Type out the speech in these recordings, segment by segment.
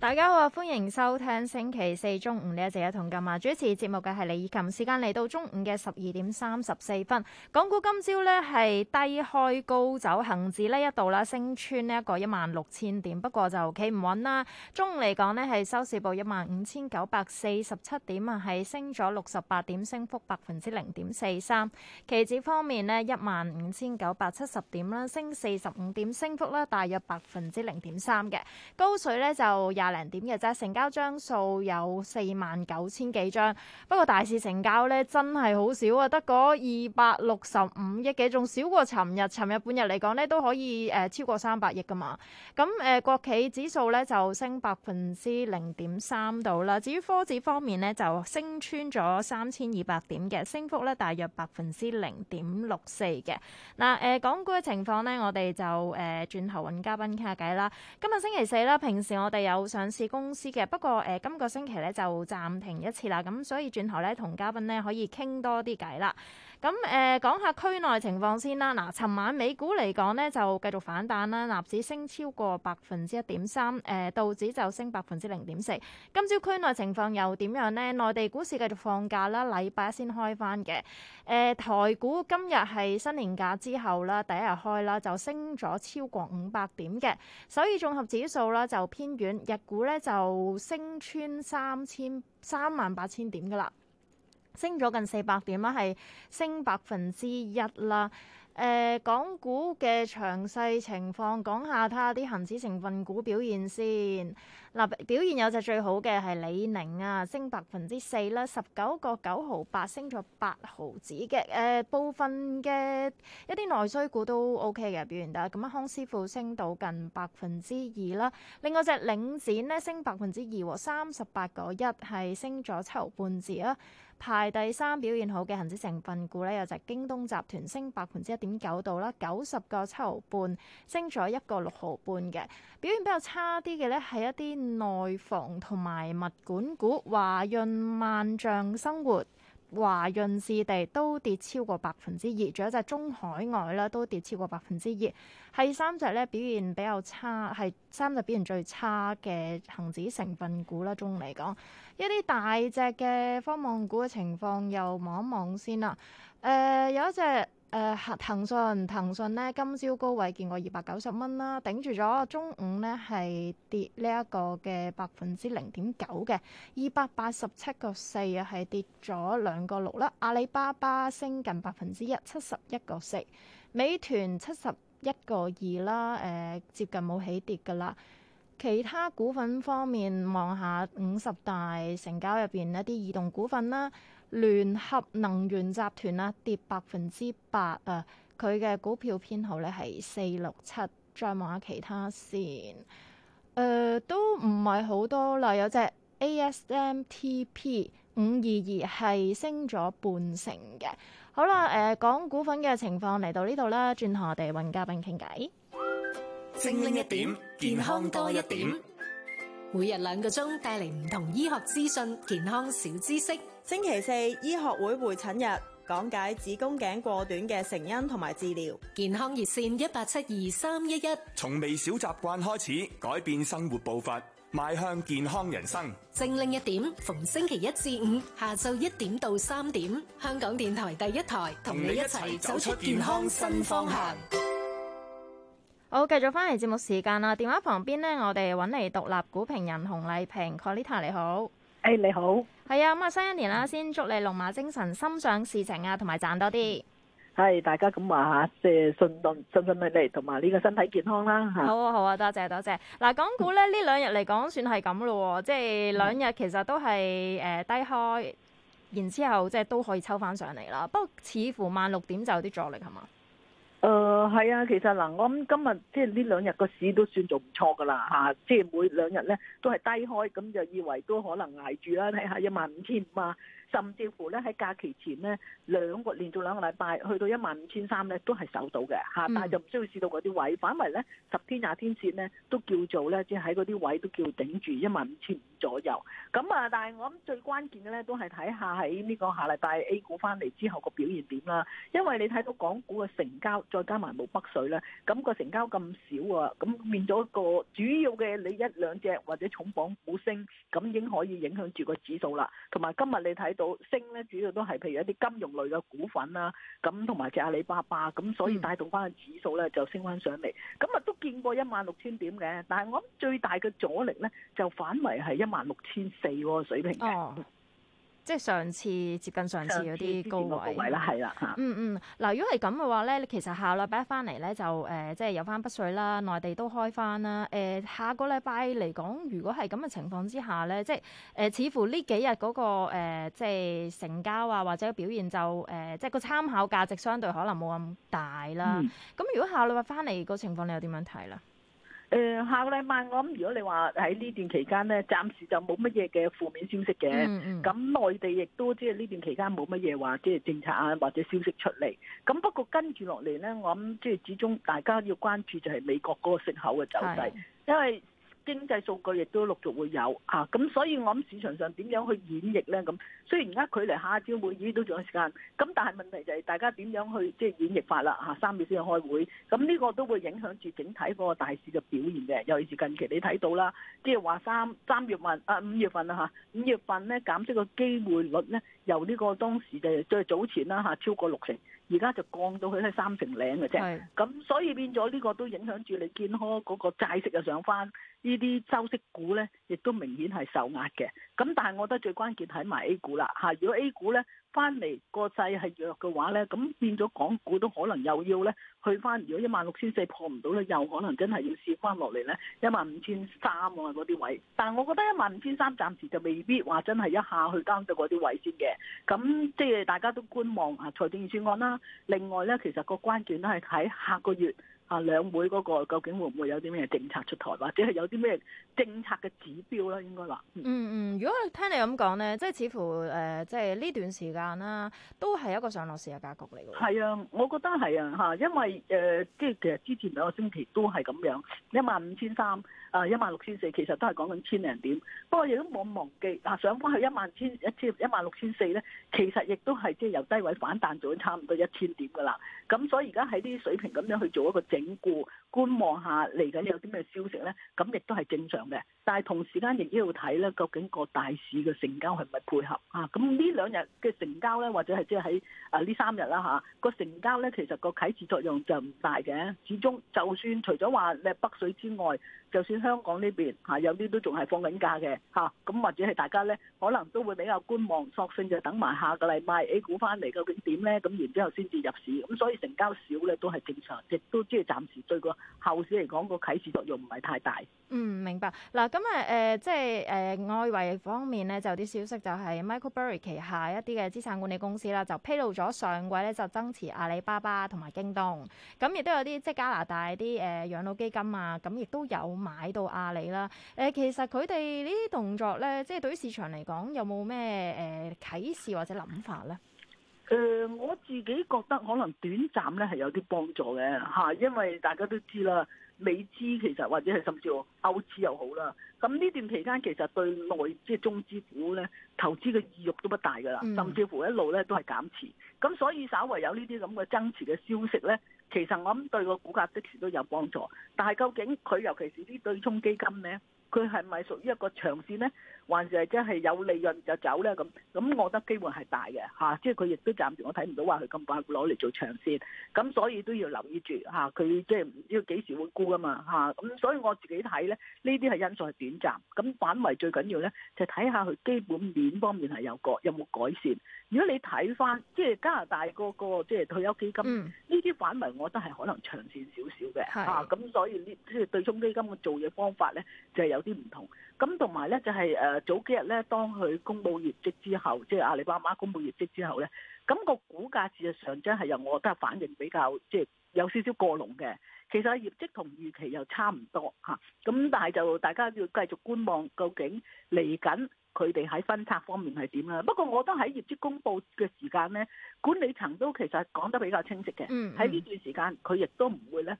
大家好啊！歡迎收聽星期四中午呢一節嘅《同金》啊！主持節目嘅係李錦，時間嚟到中午嘅十二點三十四分。港股今朝呢係低開高走行，恒指呢一度啦升穿呢一個一萬六千點，不過就企唔穩啦。中午嚟講呢係收市報一萬五千九百四十七點啊，係升咗六十八點，升，點升幅百分之零點四三。期指方面呢，一萬五千九百七十點啦，升四十五點，升，點升幅咧大約百分之零點三嘅。高水呢就廿。零點嘅啫，成交張數有四萬九千幾張，不過大市成交咧真係好少啊，得嗰二百六十五億嘅，仲少過尋日。尋日半日嚟講咧，都可以誒超過三百億噶嘛。咁誒國企指數咧就升百分之零點三度啦。至於科指方面咧就升穿咗三千二百點嘅，升幅咧大約百分之零點六四嘅。嗱誒，港股嘅情況咧，我哋就誒、呃、轉頭揾嘉賓傾下偈啦。今日星期四啦，平時我哋有。上市公司嘅，不過誒、呃，今個星期咧就暫停一次啦，咁、嗯、所以轉頭咧同嘉賓咧可以傾多啲偈啦。咁誒、呃、講下區內情況先啦。嗱，尋晚美股嚟講咧就繼續反彈啦，納指升超過百分之一點三，誒、呃、道指就升百分之零點四。今朝區內情況又點樣呢？內地股市繼續放假啦，禮拜一先開翻嘅。誒、呃、台股今日係新年假之後啦，第一日開啦就升咗超過五百點嘅。首爾綜合指數啦就偏遠，日股咧就升穿三千三萬八千點㗎喇。升咗近四百點啦，係升百分之一啦。誒，港股嘅詳細情況講下，睇下啲恆指成分股表現先嗱。表現有隻最好嘅係李寧啊，升百分之四啦，十九個九毫八，升咗八毫子嘅。誒，部分嘅一啲內需股都 OK 嘅，表現得咁啊。康師傅升到近百分之二啦，另外隻領展咧升百分之二喎，三十八個一係升咗七毫半字啦。排第三表現好嘅恒指成分股咧，有隻京東集團升百分之一點九度啦，九十個七毫半升咗一個六毫半嘅。表現比較差啲嘅咧，係一啲內房同埋物管股，華潤萬象生活、華潤置地都跌超過百分之二，仲有一隻中海外咧都跌超過百分之二，係三隻咧表現比較差，係三隻表現最差嘅恒指成分股啦。中嚟講，一啲大隻嘅科網股嘅情況又看看，又望一望先啦。誒，有一隻。誒、uh, 騰訊騰訊咧今朝高位見過二百九十蚊啦，頂住咗。中午咧係跌呢一個嘅百分之零點九嘅二百八十七個四啊，係跌咗兩個六啦。阿里巴巴升近百分之一，七十一個四。美團七十一個二啦，誒、呃、接近冇起跌噶啦。其他股份方面，望下五十大成交入邊一啲異動股份啦。聯合能源集團啊，跌百分之八啊，佢、呃、嘅股票編號咧係四六七。再望下其他先，誒、呃，都唔係好多啦。有隻 ASMTP 五二二係升咗半成嘅。好啦，誒、呃，講股份嘅情況嚟到呢度啦，轉同我哋揾嘉賓傾偈。精靈一點，健康多一點，每日兩個鐘帶嚟唔同醫學資訊、健康小知識。星期四醫學會會診日，講解子宮頸過短嘅成因同埋治療。健康熱線一八七二三一一。從微小習慣開始，改變生活步伐，邁向健康人生。精靈一點，逢星期一至五下晝一點到三點，香港電台第一台同你一齊走出健康新方向。好，繼續翻嚟節目時間啦。電話旁邊呢，我哋揾嚟獨立股評人熊麗萍，Caita 你好。誒，hey, 你好，係 啊，咁、嗯、啊，新一年啦，先祝你龍馬精神，心想事成啊，同埋賺多啲。係，hey, 大家咁話吓，即係順順順順利利，同埋呢個身體健康啦吓。啊好啊，好啊，多謝多謝。嗱、啊，港股咧呢兩日嚟講，算係咁咯，即係兩日其實都係誒、呃、低開，然之後即係都可以抽翻上嚟啦。不過似乎萬六點就有啲阻力係嘛。誒係，呃、啊，其實嗱，我諗今日即係呢兩日個市都算做唔錯㗎啦嚇，即係每兩日咧都係低開，咁就以為都可能捱住啦，睇下一萬五千五啊，甚至乎咧喺假期前咧兩個連續兩個禮拜去到一萬五千三咧都係守到嘅嚇，啊，但係就唔需要試到嗰啲位，反為咧十天廿天線咧都叫做咧即係喺嗰啲位都叫頂住一萬五千。15, 左右咁啊，但係我諗最關鍵嘅咧，都係睇下喺呢個下禮拜 A 股翻嚟之後個表現點啦。因為你睇到港股嘅成交，再加埋冇北水咧，咁個成交咁少啊，咁變咗個主要嘅你一兩隻或者重磅股升，咁已經可以影響住個指數啦。同埋今日你睇到升咧，主要都係譬如一啲金融類嘅股份啦，咁同埋隻阿里巴巴，咁所以帶動翻個指數咧就升翻上嚟。咁啊都見過一萬六千點嘅，但係我諗最大嘅阻力咧就反為係一萬六千四個水平哦，即係上次接近上次嗰啲高位啦，係啦嚇。嗯嗯，嗱，如果係咁嘅話咧，你其實下禮拜翻嚟咧就誒、呃，即係有翻北水啦，內地都開翻啦。誒、呃，下個禮拜嚟講，如果係咁嘅情況之下咧，即係誒、呃，似乎呢幾日嗰、那個、呃、即係成交啊，或者表現就誒、呃，即係個參考價值相對可能冇咁大啦。咁、嗯、如果下禮拜翻嚟個情況，你又點樣睇啦？誒，下個禮拜我諗，如果你話喺呢段期間咧，暫時就冇乜嘢嘅負面消息嘅。咁內、嗯嗯、地亦都即係呢段期間冇乜嘢話，即係政策啊或者消息出嚟。咁不過跟住落嚟咧，我諗即係始終大家要關注就係美國嗰個息口嘅走勢，是因為。經濟數據亦都陸續會有嚇，咁、啊、所以我諗市場上點樣去演繹咧咁？雖然而家距離下週會議都仲有時間，咁但係問題就係大家點樣去即係演繹法啦嚇、啊，三月先去開會，咁呢個都會影響住整體嗰個大市嘅表現嘅。尤其是近期你睇到啦，即係話三三月份啊五月份啦嚇，五月份咧、啊、減息嘅機會率咧。由呢個當時嘅再早前啦嚇、啊，超過六成，而家就降到去喺三成零嘅啫。咁的所以變咗呢個都影響住你健康嗰、那個債息又上返，呢啲周息股呢亦都明顯係受壓嘅。咁但係我覺得最關鍵喺埋 A 股啦嚇、啊，如果 A 股呢。翻嚟個勢係弱嘅話呢，咁變咗港股都可能又要呢。去翻。如果一萬六千四破唔到呢，又可能真係要蝕翻落嚟呢。一萬五千三啊嗰啲位。但係我覺得一萬五千三暫時就未必話真係一下去監到嗰啲位先嘅。咁即係大家都觀望啊，財政預算案啦。另外呢，其實個關鍵都係睇下個月。啊，兩會嗰、那個究竟會唔會有啲咩政策出台，或者係有啲咩政策嘅指標咧？應該話，嗯嗯，嗯，如果聽你咁講咧，即係似乎誒、呃，即係呢段時間啦，都係一個上落市嘅格局嚟喎。係啊，我覺得係啊，嚇，因為誒，即、呃、係其實之前兩個星期都係咁樣，15, 呃 16, 一，啊、一萬五千三啊，一萬六千四，其實都係講緊千零點。不過亦都冇忘記，嗱，上返去一萬千一千一萬六千四咧，其實亦都係即係由低位反彈做咗差唔多一千點噶啦。咁所以而家喺啲水平咁樣去做一個穩固觀望下，嚟緊有啲咩消息呢？咁亦都係正常嘅。但係同時間亦都要睇呢，究竟個大市嘅成交係咪配合啊？咁呢兩日嘅成交呢，或者係即係喺呢三日啦嚇，個、啊、成交呢，其實個啟示作用就唔大嘅。始終就算除咗話你係北水之外。就算香港呢邊嚇、啊、有啲都仲係放緊假嘅嚇，咁、啊、或者係大家咧可能都會比較觀望，索性就等埋下個禮拜 A 股翻嚟究竟點咧，咁然之後先至入市，咁、啊、所以成交少咧都係正常，亦都即係暫時對個後市嚟講個啟示作用唔係太大。嗯，明白嗱，咁啊，誒、呃，即係誒、呃，外圍方面咧，就有啲消息就係 Michael Burry 旗下一啲嘅資產管理公司啦，就披露咗上季咧就增持阿里巴巴同埋京東，咁亦都有啲即係加拿大啲誒、呃、養老基金啊，咁亦都有買到阿里啦。誒、呃，其實佢哋呢啲動作咧，即係對於市場嚟講，有冇咩誒啟示或者諗法咧？誒、呃，我自己覺得可能短暫咧係有啲幫助嘅嚇，因為大家都知啦。美資其實或者係甚至乎歐資又好啦，咁呢段期間其實對內即係、就是、中資股咧投資嘅意欲都不大㗎啦，甚至乎一路咧都係減持，咁所以稍為有呢啲咁嘅增持嘅消息咧，其實我諗對個股價即時都有幫助，但係究竟佢尤其是啲對沖基金咧，佢係咪屬於一個長線咧？還是係即係有利潤就走咧咁，咁我覺得機會係大嘅吓、啊，即係佢亦都暫時我睇唔到話佢咁快攞嚟做長線，咁所以都要留意住吓，佢、啊、即係唔知幾時會沽噶嘛吓，咁、啊、所以我自己睇咧呢啲係因素係短暫，咁反為最緊要咧就睇、是、下佢基本面方面係有改有冇改善。如果你睇翻即係加拿大嗰個即係退休基金呢啲反為，嗯、我覺得係可能長線少少嘅，吓咁的、啊、所以呢即係對沖基金嘅做嘢方法咧就係、是、有啲唔同。咁同埋咧，就係誒早幾日咧，當佢公佈業績之後，即係阿里巴巴公佈業績之後咧，咁個股價事實上真係由我覺得反應比較即係、就是、有少少過龍嘅。其實業績同預期又差唔多嚇，咁、啊、但係就大家要繼續觀望，究竟嚟緊佢哋喺分拆方面係點啦？不過我覺得喺業績公佈嘅時間咧，管理層都其實講得比較清晰嘅。嗯。喺呢段時間，佢亦都唔會咧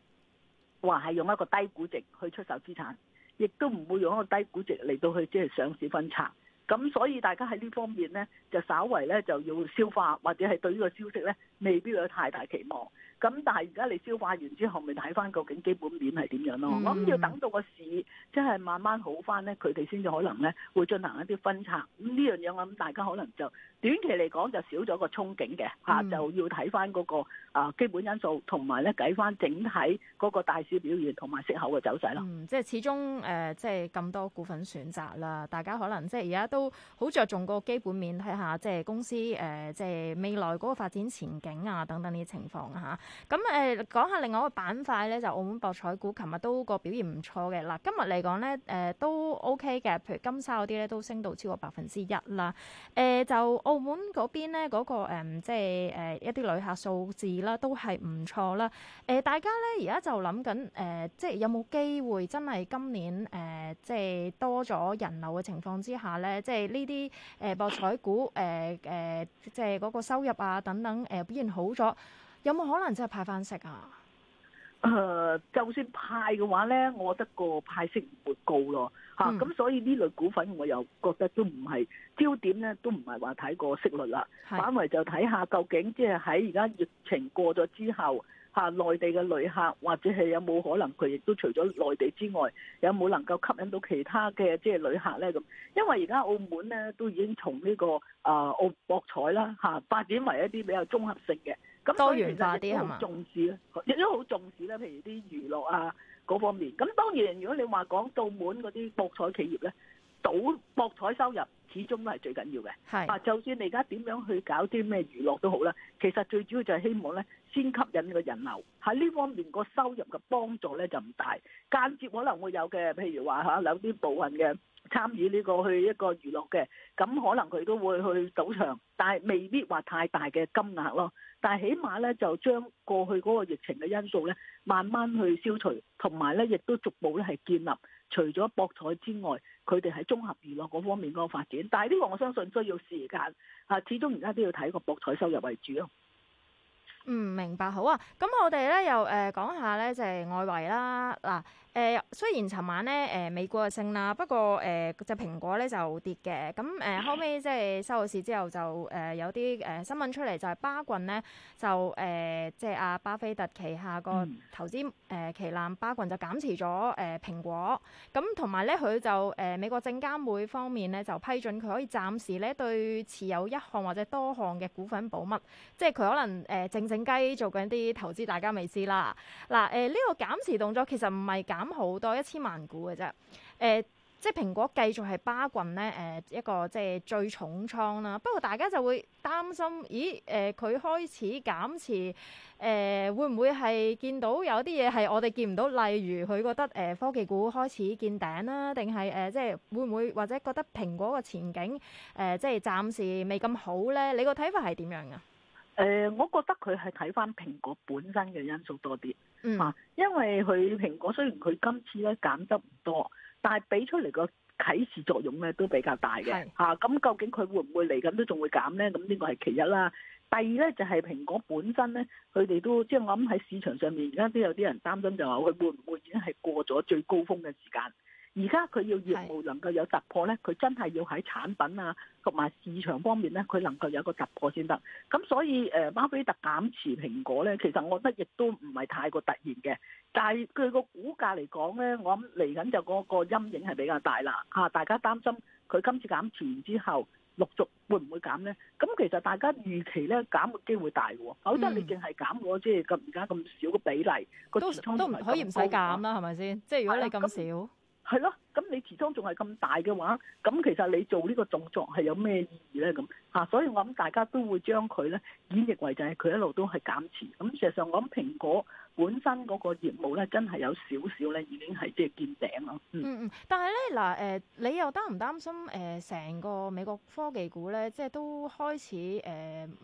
話係用一個低估值去出售資產。亦都唔會用一個低估值嚟到去即係上市分拆，咁所以大家喺呢方面呢，就稍為呢就要消化，或者係對呢個消息呢未必有太大期望。咁但係而家你消化完之後，咪睇翻究竟基本面係點樣咯？我諗、嗯、要等到個市即係慢慢好翻咧，佢哋先至可能咧會進行一啲分拆。咁呢樣樣我諗，大家可能就短期嚟講就少咗個憧憬嘅嚇、嗯啊，就要睇翻嗰個啊、呃、基本因素，同埋咧計翻整體嗰個大市表現同埋息口嘅走勢咯。嗯，即係始終誒、呃，即係咁多股份選擇啦，大家可能即係而家都好着重個基本面，睇下即係公司誒、呃，即係未來嗰個發展前景啊等等呢啲情況嚇。啊。咁誒講下另外一個板塊咧，就澳門博彩股，琴日都個表現唔錯嘅嗱。今日嚟講咧，誒、呃、都 OK 嘅，譬如金沙嗰啲咧都升到超過百分之一啦。誒、呃、就澳門嗰邊咧、那、嗰個、呃、即係誒、呃、一啲旅客數字啦，都係唔錯啦。誒大家咧而家就諗緊誒，即係有冇機會真係今年誒、呃，即係多咗人流嘅情況之下咧，即係呢啲誒博彩股誒誒、呃，即係嗰、呃、個收入啊等等誒、呃呃、表現好咗。有冇可能真係派翻息啊？誒、呃，就算派嘅話咧，我覺得個派息唔會高咯，吓咁、嗯啊、所以呢類股份我又覺得都唔係焦點咧，都唔係話睇過息率啦，是反為就睇下究竟即係喺而家疫情過咗之後，吓、啊、內地嘅旅客或者係有冇可能佢亦都除咗內地之外，有冇能夠吸引到其他嘅即係旅客咧咁？因為而家澳門咧都已經從呢、這個誒、啊、澳博彩啦吓、啊，發展為一啲比較綜合性嘅。多元化啲啊嘛，好重視亦都好重視咧。譬如啲娛樂啊嗰方面，咁當然如果你話講澳門嗰啲博彩企業咧，賭博彩收入始終都係最緊要嘅。係啊，就算你而家點樣去搞啲咩娛樂都好啦，其實最主要就係希望咧先吸引個人流。喺呢方面個收入嘅幫助咧就唔大，間接可能會有嘅，譬如話嚇有啲部分嘅參與呢個去一個娛樂嘅，咁可能佢都會去賭場，但係未必話太大嘅金額咯。但係起碼咧，就將過去嗰個疫情嘅因素咧，慢慢去消除，同埋咧，亦都逐步咧係建立除咗博彩之外，佢哋喺綜合娛樂嗰方面嗰個發展。但係呢個我相信需要時間啊，始終而家都要睇個博彩收入為主咯。嗯，明白。好啊，咁我哋咧又誒、呃、講下咧，就係、是、外圍啦，嗱。誒、呃、雖然尋晚咧誒、呃、美國啊升啦，不過誒隻、呃、蘋果咧就跌嘅。咁、呃、誒後尾即係收咗市之後就誒、呃、有啲誒新聞出嚟，就係、是、巴郡。呢就誒、呃、即係阿巴菲特旗下個投資誒旗艦巴郡，就減持咗誒、呃、蘋果。咁同埋咧佢就誒、呃、美國證監會方面咧就批准佢可以暫時咧對持有一項或者多項嘅股份保密，即係佢可能誒、呃、靜靜雞做緊啲投資，大家未知啦。嗱誒呢個減持動作其實唔係減。咁好多一千萬股嘅啫、呃，即係蘋果繼續係巴郡呢誒、呃，一個即係最重倉啦。不過大家就會擔心，咦，誒、呃，佢開始減持，誒、呃，會唔會係見到有啲嘢係我哋見唔到，例如佢覺得誒、呃、科技股開始見頂啦、啊，定係誒即係會唔會或者覺得蘋果嘅前景誒、呃、即係暫時未咁好呢？你個睇法係點樣噶？誒、呃，我覺得佢係睇翻蘋果本身嘅因素多啲，嗯、啊，因為佢蘋果雖然佢今次咧減得唔多，但係俾出嚟個啟示作用咧都比較大嘅，嚇的。咁、啊、究竟佢會唔會嚟緊都仲會減咧？咁呢個係其一啦。第二咧就係、是、蘋果本身咧，佢哋都即係、就是、我諗喺市場上面，而家都有啲人擔心就話，佢會唔會已經係過咗最高峰嘅時間？而家佢要業務能夠有突破咧，佢真係要喺產品啊同埋市場方面咧，佢能夠有個突破先得。咁所以誒，巴菲特減持蘋果咧，其實我覺得亦都唔係太過突然嘅。但係佢個股價嚟講咧，我諗嚟緊就嗰個陰影係比較大啦嚇。大家擔心佢今次減持完之後，陸續會唔會減咧？咁其實大家預期咧減嘅機會大嘅、哦。我覺得你淨係減咗即係咁而家咁少個比例，都都可以唔使減啦、啊，係咪先？即係如果你咁少。嗯。係咯，咁你持倉仲係咁大嘅話，咁其實你做呢個動作係有咩意義咧？咁、啊、嚇，所以我諗大家都會將佢咧演繹為就係佢一路都係減持。咁事實上，我諗蘋果本身嗰個業務咧，真係有少少咧已經係即係見頂咯。嗯嗯，但係咧嗱，誒、呃、你又擔唔擔心誒成、呃、個美國科技股咧，即係都開始誒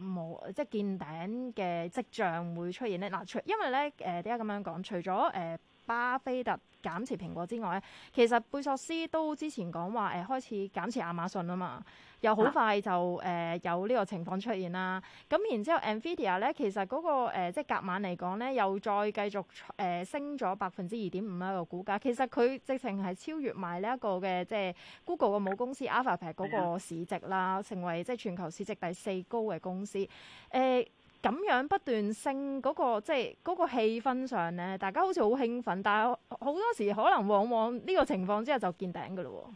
冇、呃、即係見頂嘅跡象會出現咧？嗱、呃呃，除因為咧誒點解咁樣講？除咗誒。巴菲特減持蘋果之外咧，其實貝索斯都之前講話誒開始減持亞馬遜啊嘛，又好快就誒、呃、有呢個情況出現啦。咁然之後 Nvidia 咧，其實嗰個、那個、呃、即係隔晚嚟講咧，又再繼續誒、呃、升咗百分之二點五啦個股價。其實佢直情係超越埋呢一個嘅即係 Google 嘅母公司 Alphabet 嗰個市值啦，的成為即係全球市值第四高嘅公司誒。呃咁樣不斷升、嗰個，嗰個即係嗰個氣氛上呢，大家好似好興奮，但係好多時可能往往呢個情況之下就見頂噶咯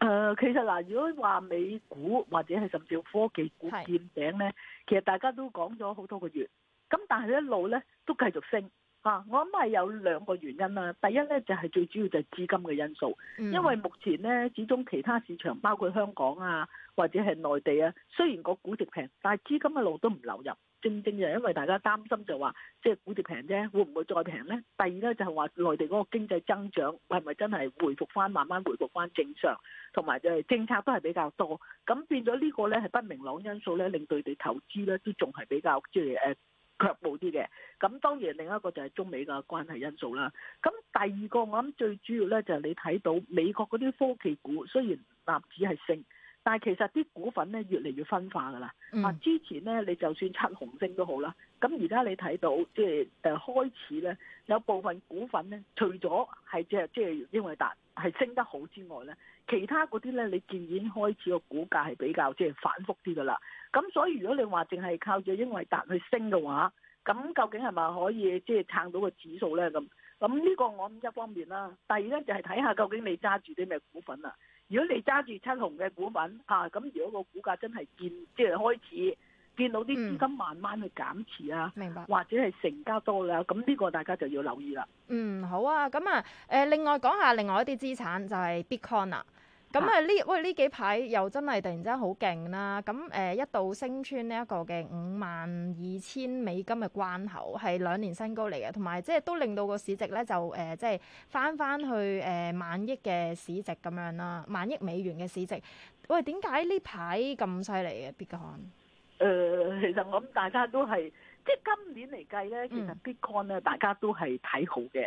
喎。誒，其實嗱，如果話美股或者係甚至科技股見頂呢，是其實大家都講咗好多個月，咁但係一路呢都繼續升嚇、啊。我諗係有兩個原因啦。第一呢，就係、是、最主要就係資金嘅因素，嗯、因為目前呢，始終其他市場包括香港啊或者係內地啊，雖然個股值平，但係資金一路都唔流入。正正就係因為大家擔心就話，即係估值平啫，會唔會再平咧？第二咧就係話內地嗰個經濟增長係咪真係回復翻，慢慢回復翻正常，同埋誒政策都係比較多，咁變咗呢個咧係不明朗因素咧，令對地投資咧都仲係比較即係誒卻步啲嘅。咁當然另一個就係中美嘅關係因素啦。咁第二個我諗最主要咧就係你睇到美國嗰啲科技股雖然納指係升。但係其實啲股份咧越嚟越分化㗎啦，嗯、啊之前咧你就算七紅升都好啦，咁而家你睇到即係誒開始咧有部分股份咧，除咗係即係即係英偉達係升得好之外咧，其他嗰啲咧你漸漸開始個股價係比較即係、就是、反覆啲㗎啦，咁所以如果你話淨係靠住英偉達去升嘅話，咁究竟係咪可以即係撐到個指數咧？咁咁呢個我諗一方面啦，第二咧就係睇下究竟你揸住啲咩股份啊。如果你揸住七雄嘅股份，嚇、啊、咁如果個股價真係見即係、就是、開始見到啲資金慢慢去減持啊，明白、嗯，或者係成交多啦，咁呢個大家就要留意啦。嗯，好啊，咁啊，誒另外講下另外一啲資產就係、是、Bitcoin 啦。咁啊呢，喂，呢幾排又真係突然之間好勁啦！咁、嗯、誒一度升穿呢一個嘅五萬二千美金嘅關口，係兩年新高嚟嘅，同埋即係都令到個市值咧就誒即係翻翻去誒、呃、萬億嘅市值咁樣啦，萬億美元嘅市值。喂，點解呢排咁犀利嘅？Bitcoin？誒、呃、其實我諗大家都係。即係今年嚟計咧，其實 Bitcoin 咧大家都係睇好嘅。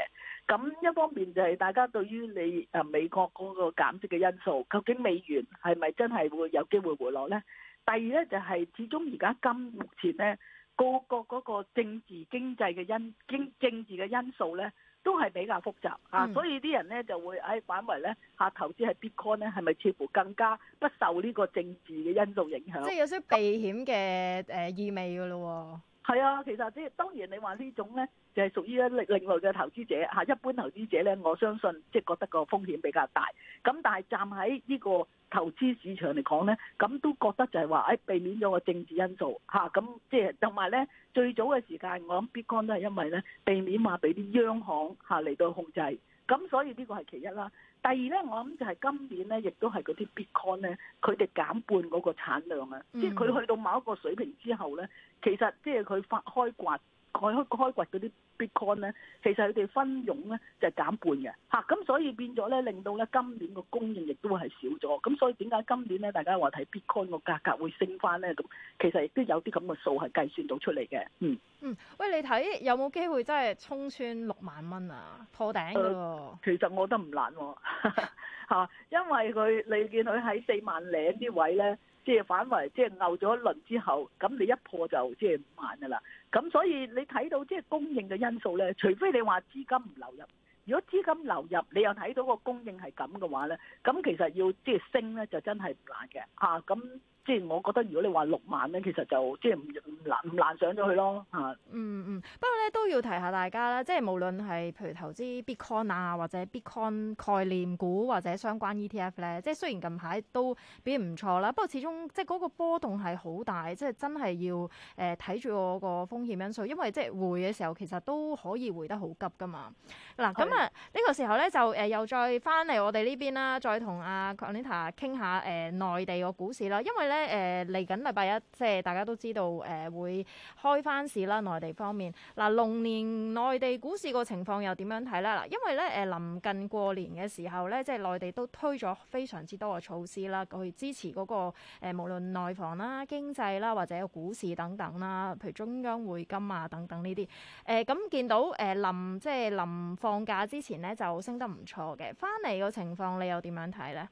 咁一方面就係大家對於你啊美國嗰個減息嘅因素，究竟美元係咪真係會有機會回落咧？第二咧就係始終而家今目前咧個個嗰個政治經濟嘅因政政治嘅因素咧，都係比較複雜啊，嗯、所以啲人咧就會喺反為咧嚇投資係 Bitcoin 咧係咪似乎更加不受呢個政治嘅因素影響？即係有少少避險嘅誒意味㗎咯。係啊，其實即係當然你，你話呢種咧就係、是、屬於一另另外嘅投資者嚇，一般投資者咧，我相信即係、就是、覺得個風險比較大。咁但係站喺呢個投資市場嚟講咧，咁都覺得就係話誒避免咗個政治因素嚇，咁即係同埋咧最早嘅時間，我諗 Bitcoin 都係因為咧避免話俾啲央行嚇嚟到控制，咁所以呢個係其一啦。第二咧，我諗就係今年咧，亦都係嗰啲 Bitcoin 咧，佢哋減半嗰個產量啊，嗯、即係佢去到某一個水平之後咧，其實即係佢發開掘。改開掘嗰啲 bitcoin 咧，其實佢哋分傭咧就係減半嘅，嚇咁所以變咗咧，令到咧今年個供應亦都係少咗，咁所以點解今年咧大家話睇 bitcoin 個價格會升返咧？咁其實亦都有啲咁嘅數係計算到出嚟嘅，嗯嗯，喂，你睇有冇機會真係衝穿六萬蚊啊？破頂、哦呃？其實我覺得唔難喎， 因為佢你見佢喺四萬零啲位咧，即係反為，即係拗咗一輪之後，咁你一破就即係五萬㗎喇。咁所以你睇到即係供應嘅因素咧，除非你話資金唔流入，如果資金流入，你又睇到個供應係咁嘅話咧，咁其實要即係升咧，就真係唔難嘅吓。咁、啊。即係我覺得，如果你話六萬咧，其實就即係唔難唔難上咗去咯嚇。嗯嗯，不過咧都要提下大家啦，即係無論係譬如投資 Bitcoin 啊，或者 Bitcoin 概念股或者相關 ETF 咧，即係雖然近排都比較唔錯啦，不過始終即係嗰個波動係好大，即係真係要誒睇住我個風險因素，因為即係回嘅時候其實都可以回得好急㗎嘛。嗱咁啊，呢、啊、的個時候咧就誒、呃、又再翻嚟我哋呢邊啦，再同阿 Colin 傾下誒內地個股市啦，因為咧。咧嚟緊禮拜一，即係大家都知道誒、呃、會開翻市啦。內地方面，嗱龍年內地股市個情況又點樣睇咧？嗱，因為咧誒臨近過年嘅時候咧，即係內地都推咗非常之多嘅措施啦，去支持嗰、那個誒、呃、無論內房啦、經濟啦，或者股市等等啦，譬如中央匯金啊等等呢啲誒。咁、呃、見到誒臨、呃、即係臨放假之前咧，就升得唔錯嘅。翻嚟個情況你又點樣睇咧？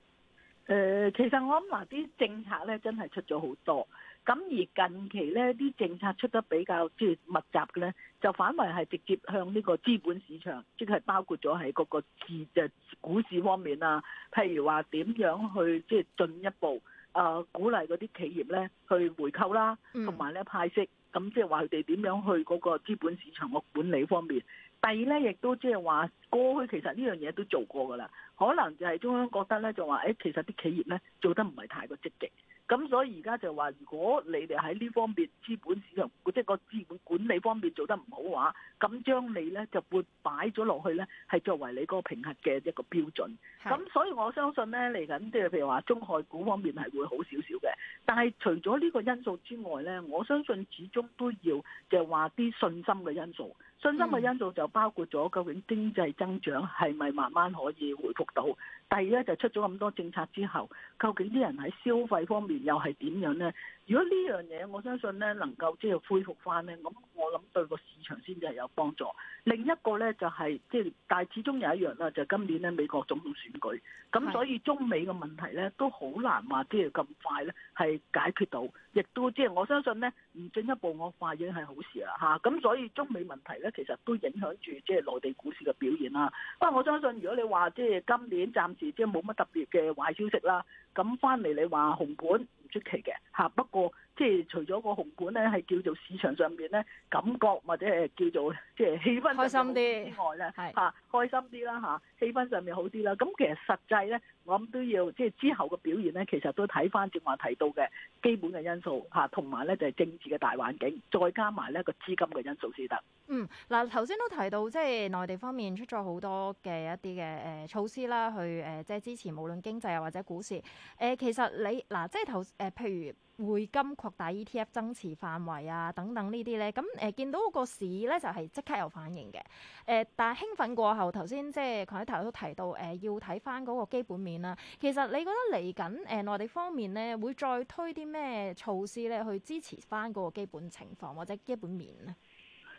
誒、呃，其實我諗話，啲政策咧真係出咗好多，咁而近期咧啲政策出得比較即係密集嘅咧，就反為係直接向呢個資本市場，即係包括咗喺嗰個市股市方面啊，譬如話點樣去即係進一步啊、呃、鼓勵嗰啲企業咧去回購啦，同埋咧派息，咁即係話佢哋點樣去嗰個資本市場嘅管理方面。第二咧，亦都即係話，過去其實呢樣嘢都做過㗎啦，可能就係中央覺得咧，就話誒、欸，其實啲企業咧做得唔係太過積極。咁所以而家就話，如果你哋喺呢方面資本市場即係個資本管理方面做得唔好嘅話，咁將你咧就會擺咗落去咧，係作為你嗰個評核嘅一個標準。咁是所以我相信咧，嚟緊即係譬如話中概股方面係會好少少嘅。但係除咗呢個因素之外咧，我相信始終都要就係話啲信心嘅因素。信心嘅因素就包括咗究竟經濟增長，係咪慢慢可以回復到？第二咧，就出咗咁多政策之後，究竟啲人喺消費方面又係點樣咧？如果呢樣嘢，我相信呢能夠即係恢復翻呢。咁我諗對個市場先至係有幫助。另一個呢就係即係，但係始終有一樣啦，就係今年呢美國總統選舉。咁所以中美嘅問題呢都好難話，即係咁快呢係解決到，亦都即係我相信呢唔進一步我發現係好事啦吓，咁所以中美問題呢，其實都影響住即係內地股市嘅表現啦。不過我相信，如果你話即係今年暫時即係冇乜特別嘅壞消息啦，咁翻嚟你話紅盤。出奇嘅嚇，不過，即係除咗個紅盤咧，係叫做市場上邊咧感覺，或者係叫做即係氣氛開心啲之外咧，吓的開心啲啦吓氣氛上面好啲啦，咁其實實際咧。我諗都要，即係之後嘅表現咧，其實都睇翻正話提到嘅基本嘅因素嚇，同埋咧就係、是、政治嘅大環境，再加埋呢個資金嘅因素先得。嗯，嗱頭先都提到，即係內地方面出咗好多嘅一啲嘅誒措施啦，去誒、呃、即係支持無論經濟啊或者股市。誒、呃、其實你嗱、啊、即係頭誒，譬如匯金擴大 ETF 增持範圍啊等等呢啲咧，咁誒、呃、見到個市咧就係、是、即刻有反應嘅。誒、呃，但係興奮過後，頭先即係佢喺頭都提到誒、呃，要睇翻嗰個基本面。其實你覺得嚟緊誒內地方面咧，會再推啲咩措施咧，去支持返嗰個基本情況或者基本面咧？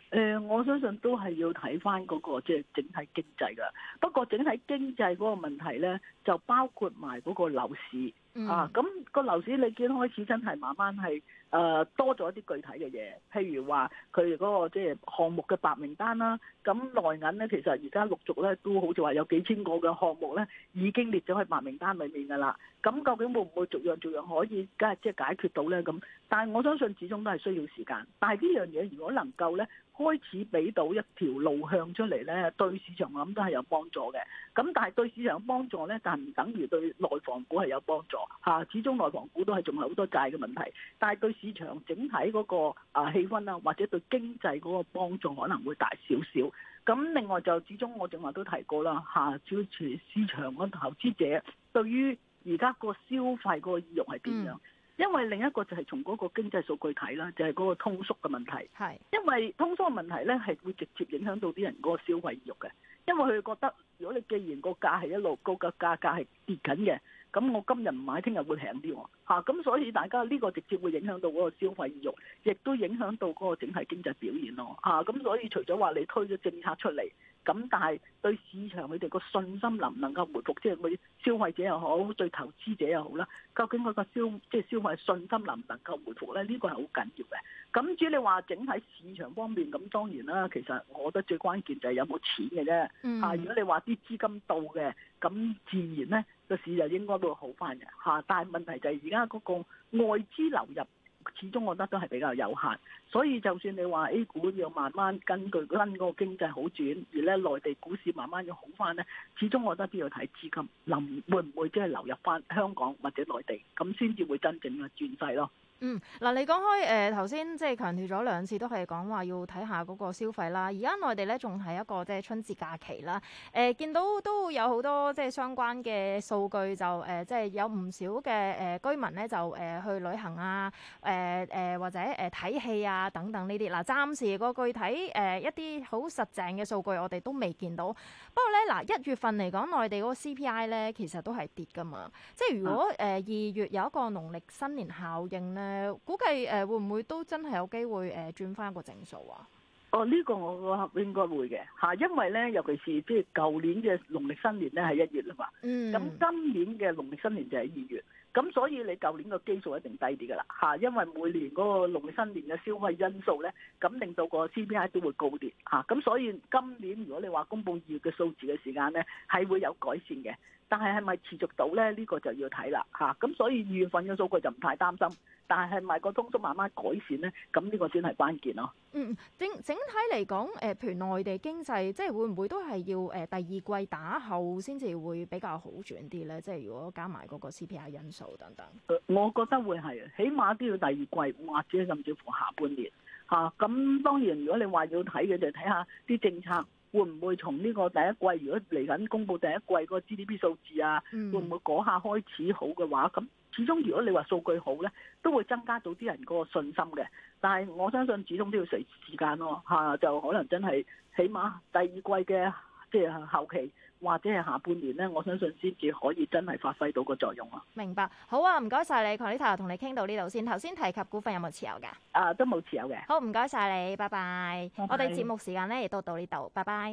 誒、呃，我相信都係要睇返嗰個即係整體經濟㗎。不過整體經濟嗰個問題咧，就包括埋嗰個樓市、嗯、啊。咁個樓市你見開始真係慢慢係。誒、uh, 多咗一啲具體嘅嘢，譬如話佢嗰個即係、就是、項目嘅白名單啦，咁內銀咧其實而家陸續咧都好似話有幾千個嘅項目咧已經列咗喺白名單裡面㗎喇，咁究竟會唔會逐樣逐樣可以今日即係解決到咧咁？但係我相信始終都係需要時間，但係呢樣嘢如果能夠咧。開始俾到一條路向出嚟呢，對市場我諗都係有幫助嘅。咁但係對市場有幫助呢，但係唔等於對內房股係有幫助嚇。始終內房股都係仲有好多債嘅問題。但係對市場整體嗰個啊氣氛啊，或者對經濟嗰個幫助可能會大少少。咁另外就始終我正話都提過啦嚇，啊，主要市場嗰投資者對於而家個消費個意欲係點樣？嗯因為另一個就係從嗰個經濟數據睇啦，就係、是、嗰個通縮嘅問題。係，因為通縮嘅問題呢，係會直接影響到啲人嗰個消費慾嘅。因為佢覺得，如果你既然個價係一路高，個價格係跌緊嘅，咁我今日唔買，聽日會平啲喎。嚇、啊，咁所以大家呢個直接會影響到嗰個消費慾，亦都影響到嗰個整體經濟表現咯。嚇、啊，咁所以除咗話你推咗政策出嚟。咁但係對市場佢哋個信心能唔能夠回復，即係佢消費者又好，對投資者又好啦。究竟嗰個消即係、就是、消費信心能唔能夠回復咧？呢、這個係好緊要嘅。咁至於你話整體市場方面，咁當然啦。其實我覺得最關鍵就係有冇錢嘅啫。啊、嗯，如果你話啲資金到嘅，咁自然咧個市就應該會好翻嘅吓。但係問題就係而家嗰個外資流入。始終我覺得都係比較有限，所以就算你話 A 股要慢慢根據跟嗰個經濟好轉，而咧內地股市慢慢要好翻咧，始終我覺得都要睇資金臨會唔會即係流入翻香港或者內地，咁先至會真正嘅轉勢咯。嗯，嗱，你講開誒頭先即係強調咗兩次，都係講話要睇下嗰個消費啦。而家內地咧仲係一個即係春節假期啦。誒、呃、見到都有好多即係相關嘅數據就誒即係有唔少嘅誒、呃、居民咧，就誒、呃、去旅行啊，誒、呃、誒、呃、或者誒睇戲啊等等呢啲。嗱，暫時個具體誒、呃、一啲好實淨嘅數據我哋都未見到。不過咧，嗱一月份嚟講內地嗰個 CPI 咧，其實都係跌噶嘛。即係如果誒二月有一個農曆新年效應咧。呃誒，估計誒會唔會都真係有機會誒轉翻一個整數啊？哦，呢個我覺應該會嘅吓，因為咧，尤其是即係舊年嘅農曆新年咧係一月啦嘛，嗯，咁今年嘅農曆新年就係二月，咁所以你舊年個基數一定低啲噶啦吓，因為每年嗰個農曆新年嘅消費因素咧，咁令到個 CPI 都會高啲吓，咁所以今年如果你話公布二月嘅數字嘅時間咧，係會有改善嘅。但係係咪持續到咧？呢、這個就要睇啦嚇。咁、啊、所以二月份嘅數據就唔太擔心。但係係咪個通縮慢慢改善咧？咁呢個先係關鍵咯、啊。嗯，整整體嚟講，誒、呃、譬如內地經濟，即係會唔會都係要誒、呃、第二季打後先至會比較好轉啲咧？即係如果加埋嗰個 CPI 因素等等。呃、我覺得會係，起碼都要第二季或者甚至乎下半年嚇。咁、啊、當然，如果你要話要睇嘅就睇下啲政策。會唔會從呢個第一季？如果嚟緊公布第一季個 GDP 數字啊，嗯、會唔會嗰下開始好嘅話？咁始終如果你話數據好呢，都會增加到啲人嗰個信心嘅。但係我相信始終都要隨時間咯，吓就可能真係起碼第二季嘅即係後期。或者係下半年咧，我相信先至可以真係發揮到個作用啊！明白，好啊，唔該晒你，Carlyta 同你傾到呢度先。頭先提及股份有冇持有嘅？啊，都冇持有嘅。好，唔該晒你，拜拜。拜拜，我哋節目時間咧亦都到呢度，拜拜。